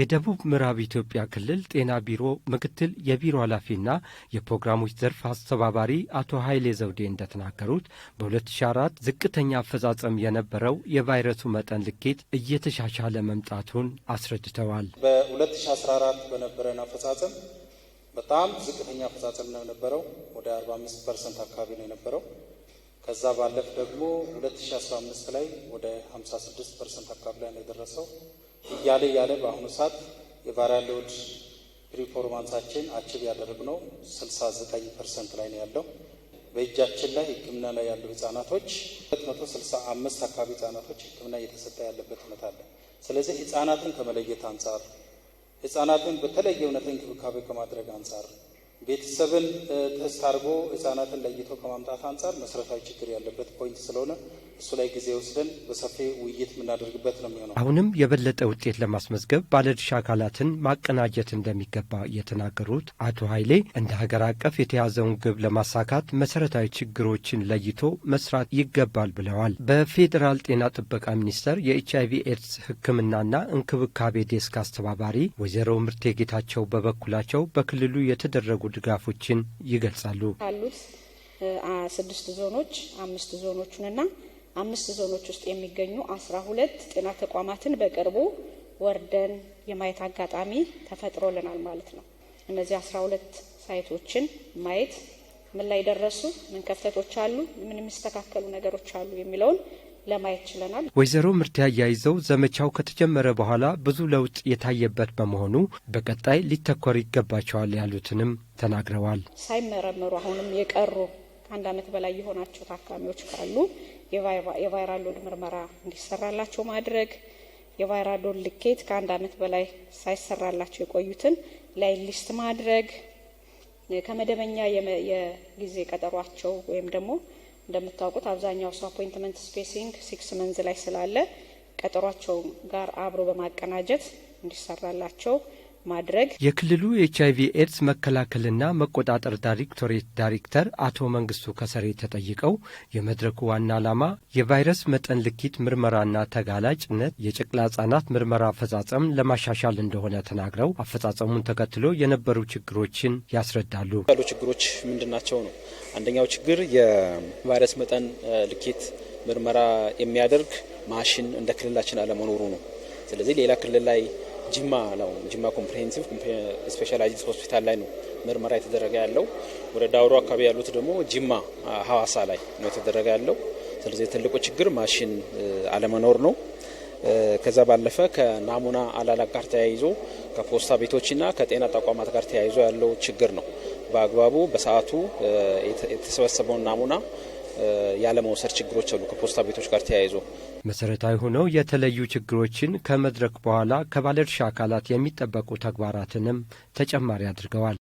የደቡብ ምዕራብ ኢትዮጵያ ክልል ጤና ቢሮ ምክትል የቢሮ ኃላፊና የፕሮግራሞች ዘርፍ አስተባባሪ አቶ ኃይሌ ዘውዴ እንደተናገሩት በ2004 ዝቅተኛ አፈጻጸም የነበረው የቫይረሱ መጠን ልኬት እየተሻሻለ መምጣቱን አስረድተዋል። በ2014 በነበረን አፈጻጸም በጣም ዝቅተኛ አፈጻጸም ነው የነበረው። ወደ 45 ፐርሰንት አካባቢ ነው የነበረው። ከዛ ባለፍ ደግሞ 2015 ላይ ወደ 56 ፐርሰንት አካባቢ ላይ ነው የደረሰው እያለ እያለ በአሁኑ ሰዓት የቫሪያል ሎድ ሪፎርማንሳችን አችብ ያደረግነው 69 ፐርሰንት ላይ ነው ያለው። በእጃችን ላይ ሕክምና ላይ ያሉ ህጻናቶች አምስት አካባቢ ህጻናቶች ሕክምና እየተሰጠ ያለበት ሁኔታ አለ። ስለዚህ ህጻናትን ከመለየት አንጻር ህጻናትን በተለየ እውነት እንክብካቤ ከማድረግ አንጻር ቤተሰብን ተስት አድርጎ ህጻናትን ለይቶ ከማምጣት አንጻር መሰረታዊ ችግር ያለበት ፖይንት ስለሆነ እሱ ላይ ጊዜ ወስደን በሰፊ ውይይት የምናደርግበት ነው የሚሆነው። አሁንም የበለጠ ውጤት ለማስመዝገብ ባለድርሻ አካላትን ማቀናጀት እንደሚገባ የተናገሩት አቶ ኃይሌ እንደ ሀገር አቀፍ የተያዘውን ግብ ለማሳካት መሰረታዊ ችግሮችን ለይቶ መስራት ይገባል ብለዋል። በፌዴራል ጤና ጥበቃ ሚኒስቴር የኤች አይቪ ኤድስ ህክምናና እንክብካቤ ዴስክ አስተባባሪ ወይዘሮ ምርቴ ጌታቸው በበኩላቸው በክልሉ የተደረጉ ድጋፎችን ይገልጻሉ። ካሉት ስድስት ዞኖች አምስት ዞኖቹንና አምስት ዞኖች ውስጥ የሚገኙ አስራ ሁለት ጤና ተቋማትን በቅርቡ ወርደን የማየት አጋጣሚ ተፈጥሮልናል ማለት ነው። እነዚህ አስራ ሁለት ሳይቶችን ማየት ምን ላይ ደረሱ፣ ምን ክፍተቶች አሉ፣ ምን የሚስተካከሉ ነገሮች አሉ የሚለውን ለማየት ችለናል። ወይዘሮ ምርት አያይዘው ዘመቻው ከተጀመረ በኋላ ብዙ ለውጥ የታየበት በመሆኑ በቀጣይ ሊተኮር ይገባቸዋል ያሉትንም ተናግረዋል። ሳይመረምሩ አሁንም የቀሩ ከአንድ ዓመት በላይ የሆናቸው ታካሚዎች ካሉ የቫይራል ሎድ ምርመራ እንዲሰራላቸው ማድረግ የቫይራል ሎድ ልኬት ከአንድ ዓመት በላይ ሳይሰራላቸው የቆዩትን ላይ ሊስት ማድረግ ከመደበኛ የጊዜ ቀጠሯቸው ወይም ደግሞ እንደምታውቁት አብዛኛው ሰው አፖይንትመንት ስፔሲንግ ሲክስ መንዝ ላይ ስላለ ቀጠሯቸው ጋር አብሮ በማቀናጀት እንዲሰራላቸው ማድረግ የክልሉ ኤች አይቪ ኤድስ መከላከልና መቆጣጠር ዳይሬክቶሬት ዳይሬክተር አቶ መንግስቱ ከሰሬ ተጠይቀው የመድረኩ ዋና ዓላማ የቫይረስ መጠን ልኪት ምርመራና ተጋላጭነት የጨቅላ ህጻናት ምርመራ አፈጻጸም ለማሻሻል እንደሆነ ተናግረው አፈጻጸሙን ተከትሎ የነበሩ ችግሮችን ያስረዳሉ። ያሉ ችግሮች ምንድናቸው ነው? አንደኛው ችግር የቫይረስ መጠን ልኬት ምርመራ የሚያደርግ ማሽን እንደ ክልላችን አለመኖሩ ነው። ስለዚህ ሌላ ክልል ላይ ጅማ ነው። ጅማ ኮምፕሬሄንሲቭ ስፔሻላይዝድ ሆስፒታል ላይ ነው ምርመራ የተደረገ ያለው። ወደ ዳውሮ አካባቢ ያሉት ደግሞ ጅማ ሀዋሳ ላይ ነው የተደረገ ያለው። ስለዚህ ትልቁ ችግር ማሽን አለመኖር ነው። ከዛ ባለፈ ከናሙና አላላቅ ጋር ተያይዞ ከፖስታ ቤቶችና ከጤና ተቋማት ጋር ተያይዞ ያለው ችግር ነው። በአግባቡ በሰዓቱ የተሰበሰበውን ናሙና ያለመውሰድ ችግሮች አሉ ከፖስታ ቤቶች ጋር ተያይዞ መሰረታዊ ሆነው የተለዩ ችግሮችን ከመድረክ በኋላ ከባለድርሻ አካላት የሚጠበቁ ተግባራትንም ተጨማሪ አድርገዋል።